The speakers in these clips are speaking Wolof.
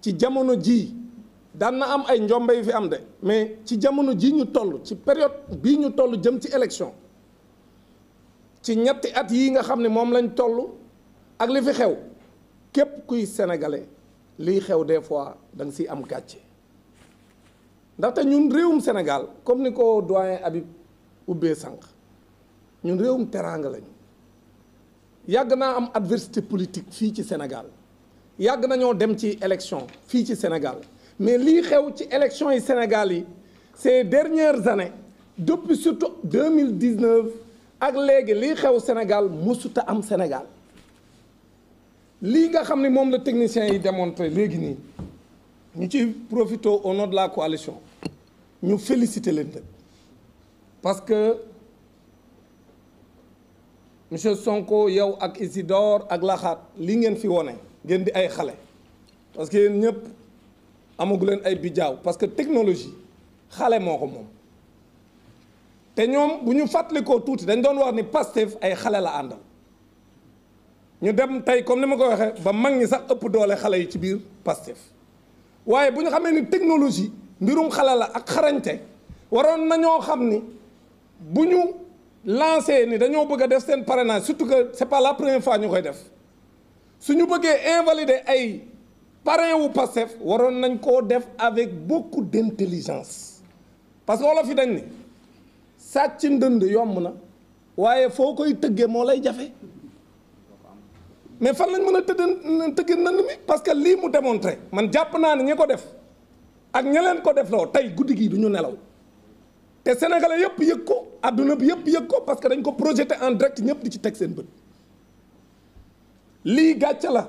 ci jamono jii daan na am ay njombe yu fi am de mais ci jamono jii ñu toll ci période bii ñu toll jëm ci élection ci ñetti at yi nga xam ne moom lañ toll ak li fi xew képp kuy sénégalais liy xew des fois da siy am gàcce ndaxte ñun réewum senegal comme ni ko doyen Habib ubbee sànq ñun réewum teraanga lañu yàgg naa am adversité politique fii ci Sénégal. yàgg nañoo dem ci élection fii ci Sénégal mais lii xew ci élection yi Sénégal yi ces dernières années depuis surtout 2019 ak léegi lii xew Sénégal mësuta am Sénégal lii nga xam ni moom la technicien yi démontré léegi nii ñu ci profité au nom de la coalition ñu félicité leen nag parce que monsieur Sonko yow ak Isidore ak Laxaat li ngeen fi wone ngeen di ay xale parce que yéen ñëpp amagu leen ay bijaaw parce que technologie xale moo ko moom te ñoom bu ñu fàttalikoo tuuti dañ doon wax ni Pastef ay xale la àndal ñu dem tey comme ni ma ko waxee ba mag ñi sax ëpp doole xale yi ci biir Pastef waaye bu ñu xamee ni technologie mbirum xale la ak xarañte waroon nañoo xam ni bu ñu lancé ni dañoo bëgg a def seen parrainage surtout que c'est pas la première fois ñu koy def su ñu bëggee invalider ay parrain wu Pastef waroon nañ koo def avec beaucoup d'intelligence parce que wolof yi dañ ni sàcc ndënd yomb na waaye foo koy tëggee moo lay jafe mais fan lañ mën a tëdd tëggee ndënd mi parce que lii mu démontré man jàpp naa ne ñi ko def ak ña leen ko def loo tey guddi gi du ñu nelaw te sénégalais yëpp yëg ko adduna bi yëpp yëg ko parce que dañ ko projeté en direct ñëpp di ci teg seen bët lii gàcce la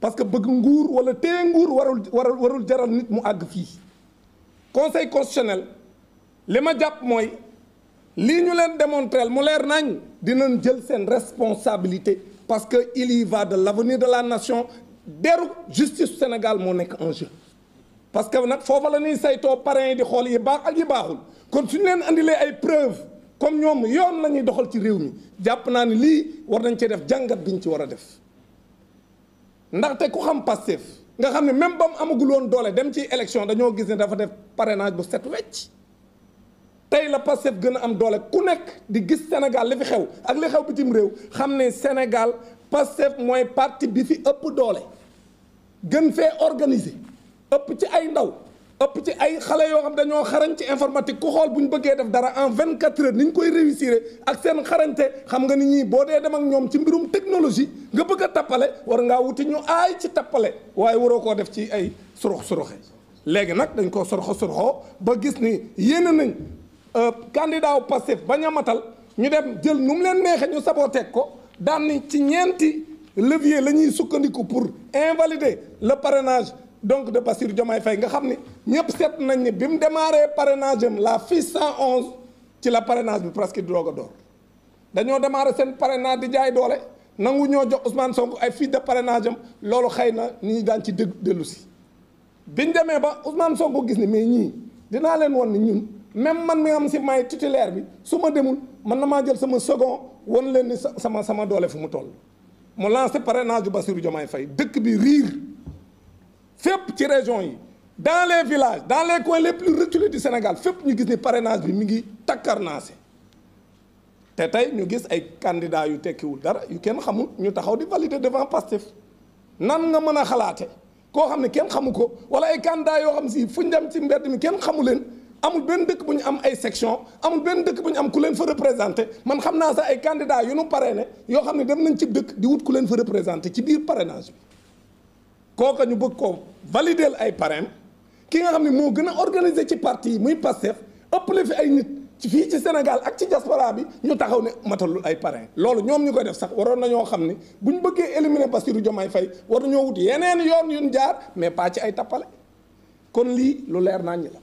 parce que bëgg nguur wala téye nguur warul warul warul jaral nit mu àgg fii conseil constitutionnel li ma jàpp mooy lii ñu leen démontrel mu leer nañ dinañ jël seen responsabilité parce que il y va de l'avenir de la nation deru justice Sénégal moo nekk en jeu parce que nag foofa la ñuy saytoo parrain yi di xool yi baax ak yi baaxul kon suñu leen indilee ay preuve comme ñoom yoon la ñuy doxal ci réew mi jàpp naa ni lii war nañ cee def jàngat biñ ci war a def ndaxte ku xam Pastef nga xam ne même ba mu amagul woon doole dem ci élection dañoo gis ne dafa def parrainage bu set wecc tey la Pastef gën a am doole ku nekk di gis Sénégal li fi xew ak li xew bitim réew xam ne Sénégal Pastef mooy parti bi fi ëpp doole gën fee organiser ëpp ci ay ndaw ëpp ci ay xale yoo xam dañoo xarañ ci informatique ku xool bu ñu bëggee def dara en vingt quatre heures ni ñu koy réussir ak seen xarañte xam nga ni ñii boo dee dem ak ñoom ci mbirum technologie nga bëgg a tappale war ngaa wuti ñu aay ci tappale waaye waroo koo def ci ay surux suruxe léegi nag dañ koo surxo surxoo ba gis ni yéene nañ euh, candidat wu Pastef bañ matal ñu dem jël nu mu leen neexee ñu saboteeg ko daan ni ci ñeenti levier la ñuy sukkandiku pour invalider le parrainage donc de Bassirou Diomaye fay nga xam ne ñëpp seet nañ ne bi mu démarré parrainage am la fiche 111 ci la parenage bi presque doog a door dañoo démarré seen parrainage di jaay doole nangu ñoo jox Ousmane Sonko ay fiche de parrainage am loolu xëy na nit ñi daan ci dégg dellusi si biñ demee ba Ousmane Sonko gis ni mais ñii dinaa leen woon ni ñun même man mi am si may titulaire bi su ma demul man na maa jël sama second won leen ni sama sama doole fu mu toll mu lancé parrainage bu Bassirou Diomaye Faye dëkk bi riir fépp ci région yi dans les villages dans les coins les plus reculés du Sénégal fépp ñu gis ni parrainage bi mu ngi takkarnaase te tey ñu gis ay candidats yu tekkiwul dara yu kenn xamul ñu taxaw di valider devant Pastef nan nga mën a xalaate koo xam ne kenn xamu ko wala ay candidats yoo xam si fu ñu dem ci mbedd mi kenn xamu leen amul benn dëkk bu ñu am ay section amul benn dëkk bu ñu am ku leen fa représenté man xam naa sax ay candidats yu nu parrainé yoo xam ne dem nañ ci dëkk di ku leen fa représenté ci biir parrainage bi kooka ñu bëgg ko valideel ay parrain ki nga xam ne moo gën a organiser ci parti yi muy ëpp ëppale fi ay nit ci fii ci Sénégal ak ci diaspora bi ñu taxaw ne matalul ay parrain loolu ñoom ñu koy def sax waroon nañoo xam ne bu ñu bëggee éliminer Bassirou Diomaye fay war nañoo wut yeneen yoon yuñ jaar mais pas ci ay tappale kon lii lu leer naa la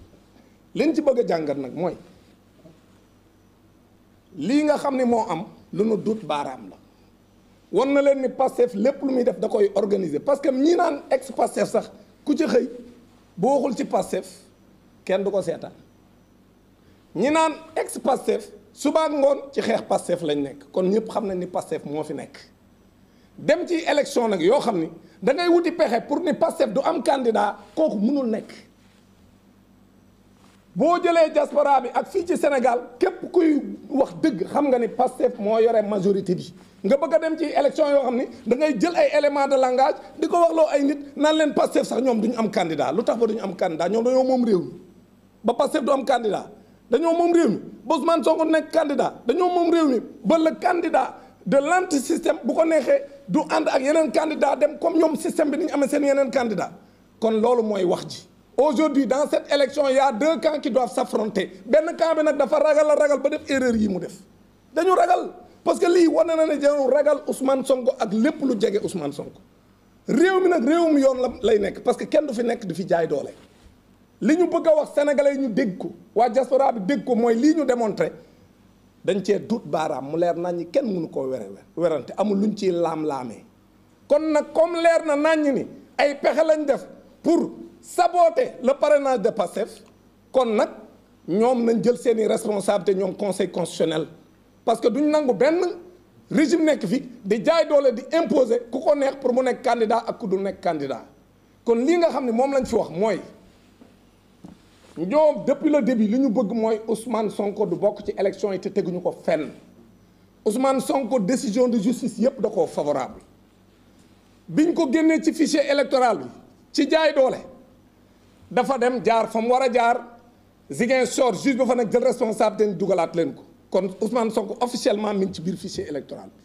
liñ ci bëgg jàngat nag mooy lii nga xam ne moo am lu nu dut baaraam la wan na leen ni Pastef lépp lu muy def da koy organiser parce que ñi naan ex Pastef sax ku ci xëy boo waxul ci Pastef kenn du ko seetaan ñi naan ex Pastef suba ngoon ci xeex Pastef lañ nekk kon ñëpp xam nañ ni Pastef moo fi nekk dem ci élection nag yoo xam ni dangay wuti pexe pour ni Pastef du am candidat kooku mënul nekk boo jëlee diaspora bi ak fii ci Sénégal képp kuy wax dëgg xam nga ni Pastef moo yore majorité bi nga bëgg a dem ci élection yoo xam ni da ngay jël ay éléments de langage di ko loo ay nit naan leen Pastef sax ñoom du ñu am candidat lu tax ba du ñu am candidat ñoom dañoo moom réew mi ba Pastef du am candidat dañoo moom réew mi ba Ousmane Sonko nekk candidat dañoo moom réew mi ba le candidat de l'anti système bu ko neexee du ànd ak yeneen candidat dem comme ñoom système bi ni ñu amee seen yeneen candidat kon loolu mooy wax ji aujourd'hui dans cette élection il y a deux camps qui doivent s'affronter benn camp bi nag dafa ragal a ragal ba def erreur yi mu def dañu ragal parce que lii wane na ne jaru ragal Ousmane Sonko ak lépp lu jege Ousmane Sonko réew mi nag réewum yoon la lay nekk parce que kenn du fi nekk du fi jaay doole. li ñu bëgg a wax sénégalais yi ñu dégg ko waa diaspora bi dégg ko mooy lii ñu démontré dañ cee dut baaraam mu leer nañ ñi kenn munu koo were werante amul luñ ciy laam-laamee kon nag comme leer na nañ ni ay pexe lañ def pour saboter le parrainage de Pastef kon nag ñoom nañ jël seeni responsabilité ñoom conseil constitutionnel. parce que duñ nangu benn régime nekk fi di jaay doole di imposer ku ko neex pour mu nekk candidat ak ku du nekk candidat kon lii nga xam ne moom lañ fi wax mooy ñoom depuis le début li ñu bëgg mooy Ousmane Sonko du bokk ci élection yi te teguñu ko fenn Ousmane Sonko décision de justice yépp da koo favorable biñ ko génnee ci fichier électoral bi ci jaay doole dafa dem jaar fa mu war a jaar Ziguinchor juge ba fa nag jël responsabilité dugalaat leen ko. kon Ousmane Sonko officiellement mi ngi ci biir fichier électoral bi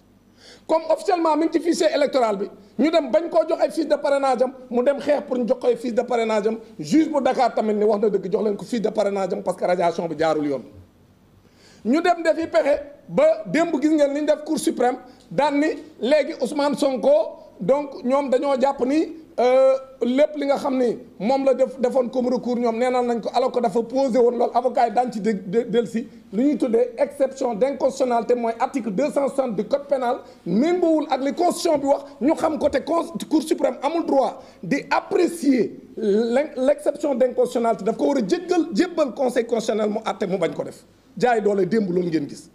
comme officiellement mi ngi ci fichier électoral bi ñu dem bañ koo jox ay fiche de parrainage am mu dem xeex pour ñu jox ko ay de parrainage am juge bu Dakar tamit ni wax na dëgg jox leen ko fiche de parrainage am parce que radiation bi jaarul yoon ñu dem defi pexe ba démb gis ngeen ni ñu def cour suprême daan ni léegi Ousmane Sonko donc ñoom dañoo jàpp ni. Euh, lépp li nga xam ni moom la def defoon comme recours ñoom neenaan nañ ko alors que dafa posé woon loolu avocat yi daan ci dellusi lu ñuy tuddee exception d'inconstitutionnalité mooy article 260 du code pénal méngoowul ak li constitution bi wax ñu xam ko te cour suprême amul droit di apprécier l'exception d'inconstitutionnalité daf ko war a jéggal jébbal conseil constitutionnel mu àtte mu bañ ko def jaay doole démb loolu ngeen gis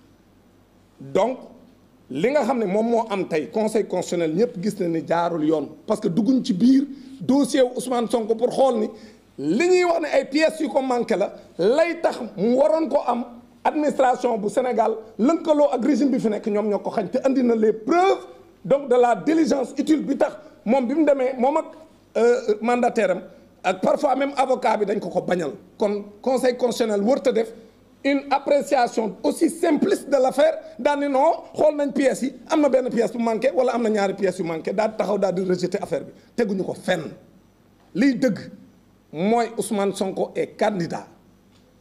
li nga xam ne moom moo am tey conseil constitutionnel ñëpp gis na ni jaarul yoon parce que dugguñ ci biir dossier wu Ousmane Sonko pour xool ni li ñuy wax ne ay pièces yu ko manqué la lay tax mu waroon ko am administration bu Sénégal lënkaloo ak régime bi fi nekk ñoom ñoo ko xañ te andi na les preuves donc de la diligence utile bi tax moom bi mu demee moom ak euh, mandataire am ak parfois même avocat bi dañ ko ko bañal kon conseil constitutionnel wërta def. une appréciation aussi simpliste de l'affaire daal ni non xool nañ pièces yi am na benn pièce bu manqué wala am na ñaari pièces yu manqué daal taxaw daa di rejeter affaire bi teguñu ko fenn liy dëgg mooy usman Sonko est candidat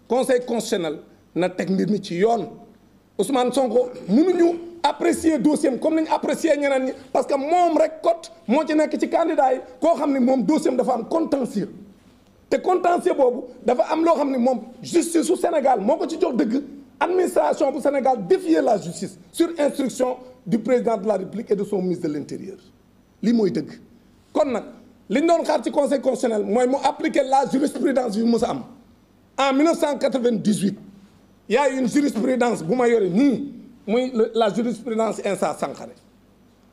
conseil constitutionnel na teg mbir mi ci yoon Ousmane Sonko mënuñu apprécier dossier comme nañu apprécier ñeneen ñi parce que moom rek cote moo ci nekk ci candidat yi koo xam ne moom dossier dafa am contentieux te contentieux boobu dafa am loo xam ne moom justice su Sénégal moo ko ci jox dëgg administration bu Sénégal défier la justice sur instruction du président de la République et de son ministre de l'Intérieur lii mooy dëgg kon nag li ñu xaar ci conseil mooy mu appliquer la jurisprudence yu mës sa am en 1998 y a une jurisprudence bu ma yore nii muy la jurisprudence Insa Sankhare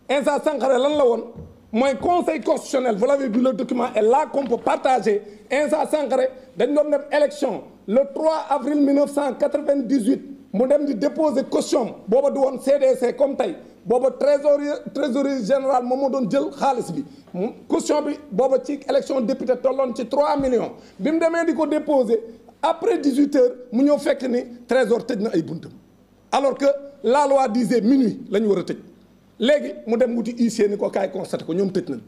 instant Sankhare lan la woon mooy conseil constitutionnel vous l'avez vu le document est là qu'on peut partager Insa Sankaré dañ doon dem élection le 3 avril 1998 mu dem di déposer caution booba du woon CDC comme tey booba trésorier trésorier général moom moo doon jël xaalis bi costion bi booba ci élection député tolloon ci 3 millions bi mu demee di ko déposer après 18 heures mu ñëw fekk ni trésor tëj na ay buntam alors que la loi disait minuit la ñu war a tëj léegi mu dem wuti huissier ni ko kaay constaté ko ñoom tëj nañ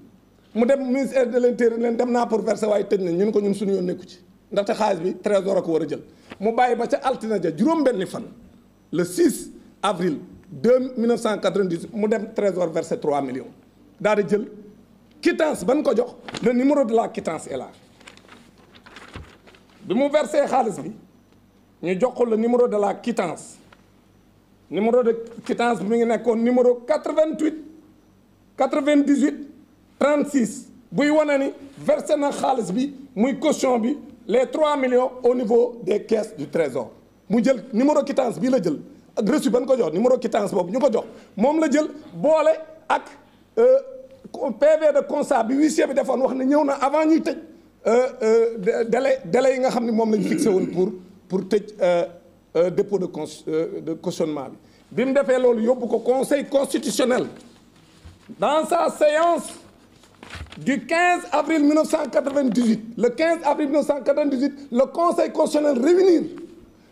mu dem ministère de l'intérieur leen dem naa pour verser waaye tëj nañ ñun ko ñun suñu yoon nekku ci ndaxte xaalis bi trésor a ko war a jël mu bàyyi ba ca altine ja juróom-benni fan le 6 avril 2 1998 mu dem trésor versé 3 millions daal di jël quittance ban ko jox le numéro de la quittance est là bi mu versé xaalis bi ñu jox ko le numéro de la quittance numéro de quittance bi mi ngi nekkoon numéro 88 98 36 buy wane ni versé na xaalis bi muy caution bi les 3 millions au niveau des caisses du trésor mu jël numéro quittance bii la jël ak reçu ba ñu ko jox numéro quittance boobu ñu ko jox moom la jël boole ak euh, PV de constat bi huissier bi defoon wax ne ñëw na avant ñuy tëj euh, euh, délai délai yi nga xam ne moom lañ fixé woon pour pour tëj. Euh, dépôt de con euh, de cautionnement bi mu defee loolu yóbbu ko conseil constitutionnel dans sa séance du 15 avril 1998 le 15 avril 1998 le conseil constitutionnel réunir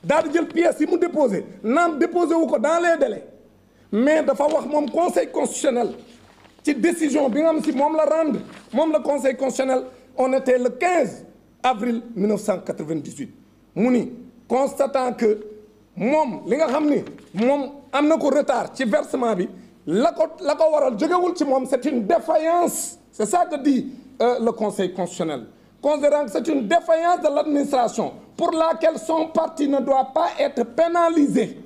daal di jël pièces yi mu déposé naam déposé wu ko dans les délais mais dafa wax moom conseil constitutionnel ci décision bi nga xam si moom la rendre moom la conseil constitutionnel on était le 15 avril 1998 mu ni constatant que moom li nga xam ni moom am na ko retard ci versement bi la ko la ko waral jógewul ci moom c'est une défaillance c'est ça que dit euh, le conseil constitutionnel considérant que c'est une défaillance de l'administration pour laquelle son parti ne doit pas être pénalisé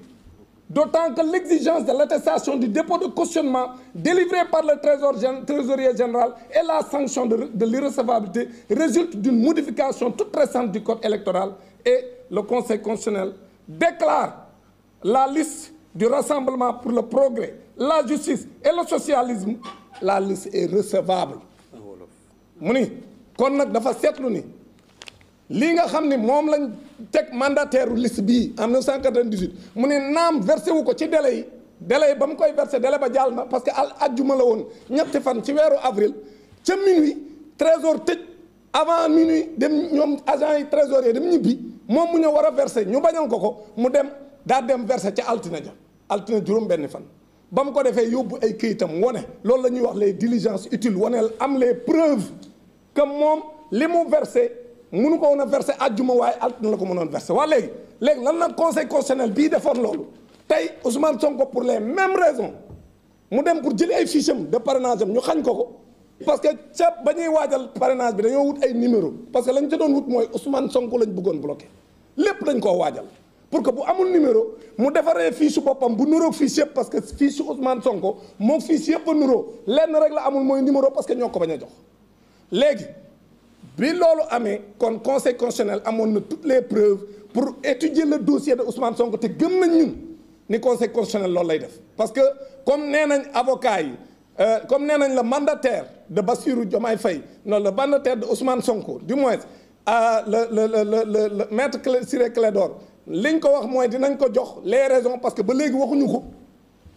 d'autant que l'exigence de l'attestation du dépôt de cautionnement délivré par le trésor trésorier général et la sanction de, de l'irrecevabilité résulte d'une modification toute récente du code électoral et le conseil déclare la liste du Rassemblement pour le progrès, la justice et le socialisme, la liste est recevable. mu ni kon nag dafa seetlu ni lii nga xam ni moom lañ teg mandataire liste bii en 1998 mu ni naam versé wu ko ci délai yi délai yi ba mu koy versé délai ba jàll ma parce que al ajjuma la woon ñetti fan ci weeru avril ca minuit trésor tëj avant minuit dem ñoom agent yi trésorier dem ñibbi. moom mu ñëw war a verser ñu bañal ko ko mu dem daa dem verser ca altina ja altina juróom benni fan ba mu ko defee yóbbu ay këyitam wane loolu la ñuy wax les diligences utiles waneel am les preuves que moom li mu versé munu ko woon a versé àjjuma waaye altina la ko mënoon versé waa léegi léegi lan la conseil constitutionnel bii defoon loolu tey Ousmane Sonko pour les mêmes raison mu dem pour jëli ay fiches am de parrainage am ñu xañ ko ko parce que ca ba ñuy waajal parrainage bi dañoo wut ay numéro parce que lañu ca doon wut mooy Ousmane Sonko lañ bëggoon bloqué lépp dañ koo waajal pour que bu amul numéro mu defaree fii su boppam bu nuroog fiche yëpp parce que fiche Ousmane Sonko moom fiche yëpp a nuroo lenn rek la amul mooy numéro parce que ñoo ko bañ a jox léegi bii loolu amee kon conseil constitutionnel amoon na toutes les preuves pour étudier le dossier de Ousmane Sonko te gëm nañ ni conseil loolu lay def parce que comme nee nañ avocat yi Euh, comme nee nañ la mandataire de Bassirou Diomaye Faye non le mandataire de Ousmane Sonko du moins la euh, le la le le maître Ciré Clédor liñ ko wax mooy dinañ ko jox les raisons parce que ba léegi waxuñu ko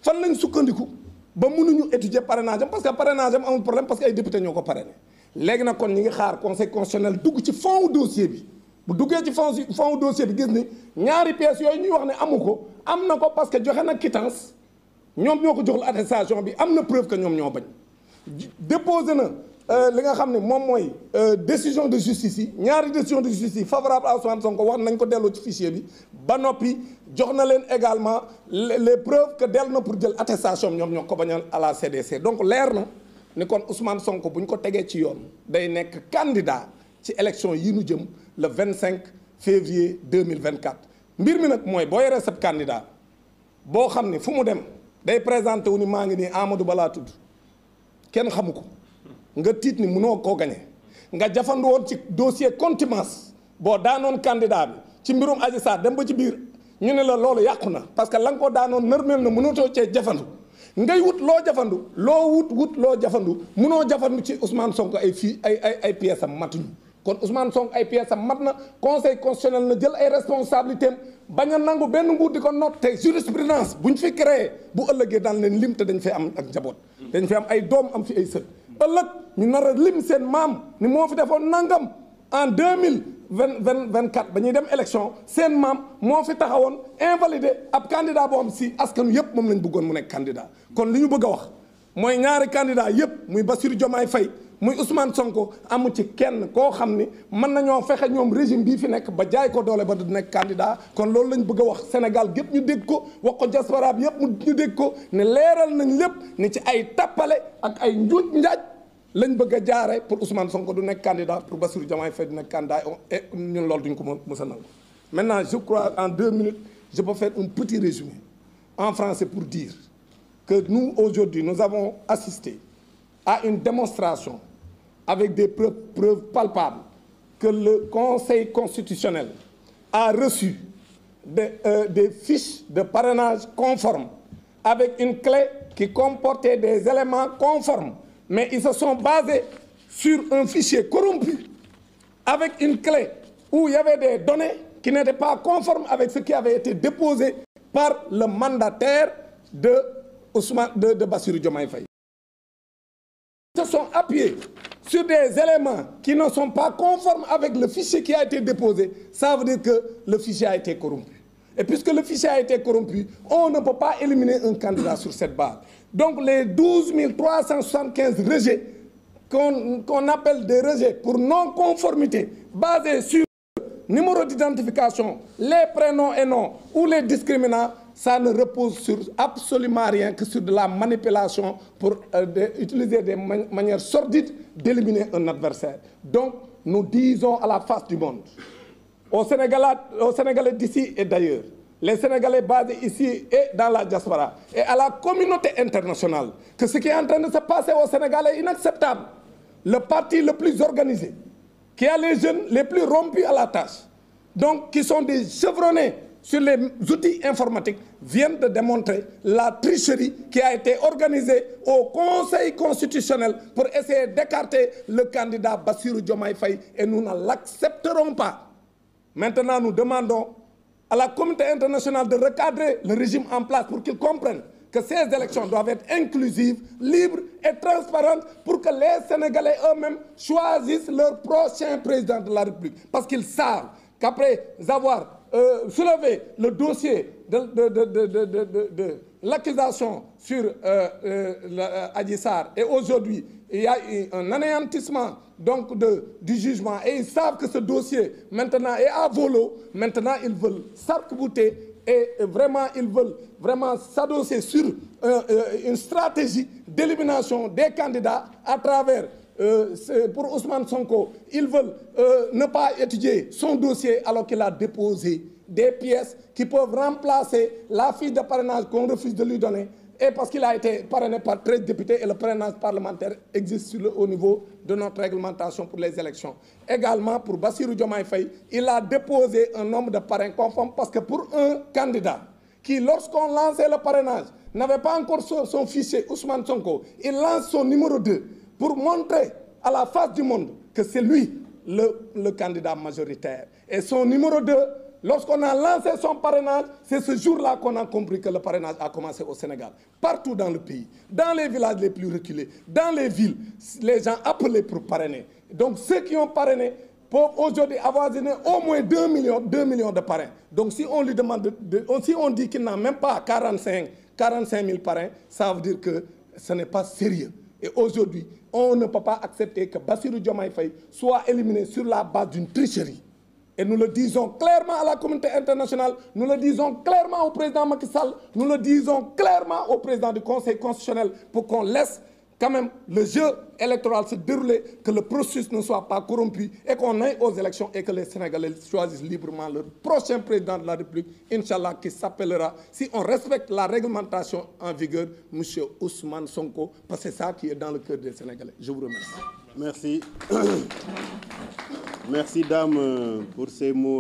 fan lañ sukkandiku ba mënuñu étudier parrainage am parce que parrainage am amul problème parce que ay député ñoo ko parrainé léegi na kon ñi ngi xaar conseil constitutionnel dugg ci fond dossier bi. bu duggee ci fond fond dossier bi gis ni ñaari pièces yooyu ñuy wax ne amu ko am na ko parce que joxe na quittance ñoom ñoo ko jox la attestation bi am na preuve que ñoom ñoo bañ déposé na euh, li nga xam ne moom mooy euh, décision de justice yi ñaari décision de justice yi favorable à Ousmane Sonko wax nañ ko delloo ci fichier ba noppi jox na leen également les preuves que dellu na pour jël attestation ñoom ñoo ko bañal à la CDC donc leer na ni kon Ousmane Sonko bu ñu ko tegee ci yoon day nekk candidat ci élection yi nu jëm le 25 février 2024 mbir mi nag mooy boo yoree sab boo xam ne fu mu dem. day présenté wu ni maa ngi nii Amadou Ba laa tudd kenn xamu ko nga tiit ni mënoo koo gañe nga jafandu woon ci dossier contimence boo daanoon candidat bi ci mbirum Adji Sarr dem ba ci biir ñu ne la loolu yàqu na parce que la nga ko daanoon nërmeel na mënatoo cee jafandu ngay wut loo jafandu loo wut wut loo jafandu mënoo jafandu ci Ousmane Sonko ay fii ay ay ay pièces kon Ousmane Sonko ay pièces am mat na conseil constitutionnel na jël ay responsabilités bañ a nangu benn nguur di ko not te jurisprudence bu ñu fi créé bu ëllëgee daan leen lim te dañ fi am ak njaboot. dañ fi am ay doom am fi ay sët. ëllëg ñu nar a lim seen maam ni moo fi defoon nangam en deux mille vingt vingt vingt quatre ba ñuy dem élection seen maam moo fi taxawoon invalidé ab candidat boo xam si askan yëpp moom lañ bëggoon mu nekk candidat. kon li ñu bëgg a wax mooy ñaari candidat yëpp muy Bassirou Diomaye Faye. muy Ousmane Sonko amu ci kenn koo xam ni mën nañoo fexe ñoom régime bii fi nekk ba jaay ko doole ba du nekk candidat kon loolu lañ bëgg a wax Sénégal gépp ñu dégg ko wax ko diaspora bi yëpp ñu dégg ko ne leeral nañ lépp ni ci ay tappale ak ay njuuj njaaj lañ bëgg a jaare pour Ousmane Sonko du nekk candidat pour Bassirou Diomaye Faye du nekk candidat et ñun loolu duñ ko mës a nangu maintenant je crois en deux minutes je peux faire un petit résumé en français pour dire que nous aujourd'hui nous avons assisté à une démonstration avec des preuves, preuves palpables que le Conseil constitutionnel a reçu des, euh, des fiches de parrainage conformes avec une clé qui comportait des éléments conformes, mais ils se sont basés sur un fichier corrompu avec une clé où il y avait des données qui n'étaient pas conformes avec ce qui avait été déposé par le mandataire de, Ousmane, de, de Bassirou Diomaye Faye. Ils se sont appuyés sur des éléments qui ne sont pas conformes avec le fichier qui a été déposé, ça veut dire que le fichier a été corrompu. Et puisque le fichier a été corrompu, on ne peut pas éliminer un candidat sur cette base. Donc les 12 375 rejets qu'on qu appelle des rejets pour non-conformité basés sur numéro d'identification, les prénoms et noms ou les discriminants ça ne repose sur absolument rien que sur de la manipulation pour euh, de, utiliser des man manières sordides d'éliminer un adversaire. Donc, nous disons à la face du monde, aux Sénégalais, aux Sénégalais d'ici et d'ailleurs, les Sénégalais basés ici et dans la diaspora, et à la communauté internationale, que ce qui est en train de se passer au Sénégal est inacceptable. Le parti le plus organisé, qui a les jeunes les plus rompus à la tâche, donc qui sont des chevronnés sur les outils informatiques viennent de démontrer la tricherie qui a été organisée au Conseil constitutionnel pour essayer d'écarter le candidat Bassirou Diomaye Faye et nous ne l'accepterons pas. Maintenant, nous demandons à la communauté internationale de recadrer le régime en place pour qu'ils comprennent que ces élections doivent être inclusives, libres et transparentes pour que les Sénégalais eux-mêmes choisissent leur prochain président de la République. Parce qu'ils savent qu'après avoir euh, soulever le dossier de de de de de de, de, l'accusation sur euh, euh la, euh, Adji Sarr et aujourd'hui il y a eu un anéantissement donc de du jugement et ils savent que ce dossier maintenant et à volo maintenant ils veulent s'arc-bouter et vraiment ils veulent vraiment s'adosser sur euh, une stratégie d'élimination des candidats à travers euh, pour Ousmane Sonko, ils veulent euh, ne pas étudier son dossier alors qu'il a déposé des pièces qui peuvent remplacer la fiche de parrainage qu'on refuse de lui donner et parce qu'il a été parrainé par 13 députés et le parrainage parlementaire existe au niveau de notre réglementation pour les élections. Également, pour Bassirou Diomaye Faye, il a déposé un nombre de parrains conformes parce que pour un candidat qui, lorsqu'on lançait le parrainage, n'avait pas encore son, son il lance son numéro 2. pour montrer à la face du le, le candidat majoritaire. Et son numéro 2, lorsqu'on a lancé son parrainage, c'est ce jour-là qu'on a compris que commencé au Sénégal, partout dans le pays, dans les villages les plus reculés, dans les villes, les gens appelaient pour Donc ceux qui ont parrainé peuvent aujourd'hui avoisiner au moins 2 millions, 2 millions de parrains. Donc si on demande, de, de, on dit qu'il n'a même pas 45, 45 000 parrains, ça veut dire que ce n'est pas sérieux. Et aujourd'hui, on ne peut pas accepter que Bassirou Diomaye Faye soit éliminé sur la base d'une tricherie. Et nous le disons clairement à la communauté internationale, nous le disons clairement au président Macky Sall, nous le disons clairement au président du Conseil constitutionnel pour qu'on laisse quand même le jeu électoral se dérouler, que le processus ne soit pas corrompu et qu'on aille aux élections et que les Sénégalais choisissent librement leur prochain président de la République, Inch'Allah, qui s'appellera, si on respecte la réglementation en vigueur, M. Ousmane Sonko, parce que c'est qui est dans le cœur des Sénégalais. Je vous remercie. Merci. Euh, pour ces mots.